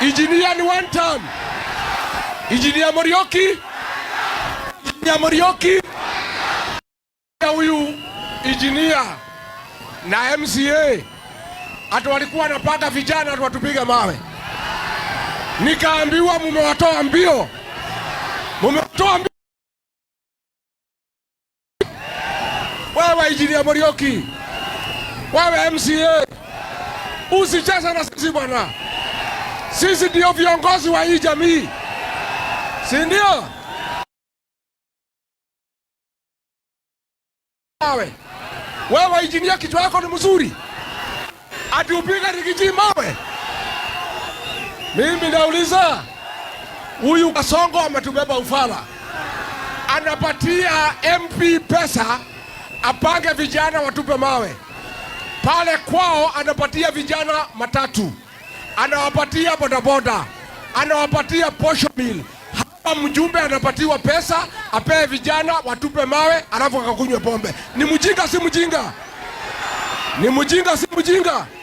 Engineer ni Engineer Morioki. Engineer Morioki. Huyu na MCA atu walikuwa napaka vijana atu watupiga mawe, nikaambiwa mumewatoa mbio, mumewatoa mbio. Wewe injinia Morioki, wewe MCA, usicheze na sisi bwana. Sisi ndio viongozi wa hii jamii, si ndio? Mawe wewe, injinia, kichwa yako ni mzuri, ati upiga rigiji mawe? Mimi nauliza huyu Kasongo ametubeba ufala, anapatia MP pesa apange vijana watupe mawe pale kwao, anapatia vijana matatu anawapatia bodaboda, anawapatia posho mil. Hapa mjumbe anapatiwa pesa apee vijana watupe mawe, alafu akakunywe pombe. Ni mjinga si mjinga? Ni mjinga si mjinga?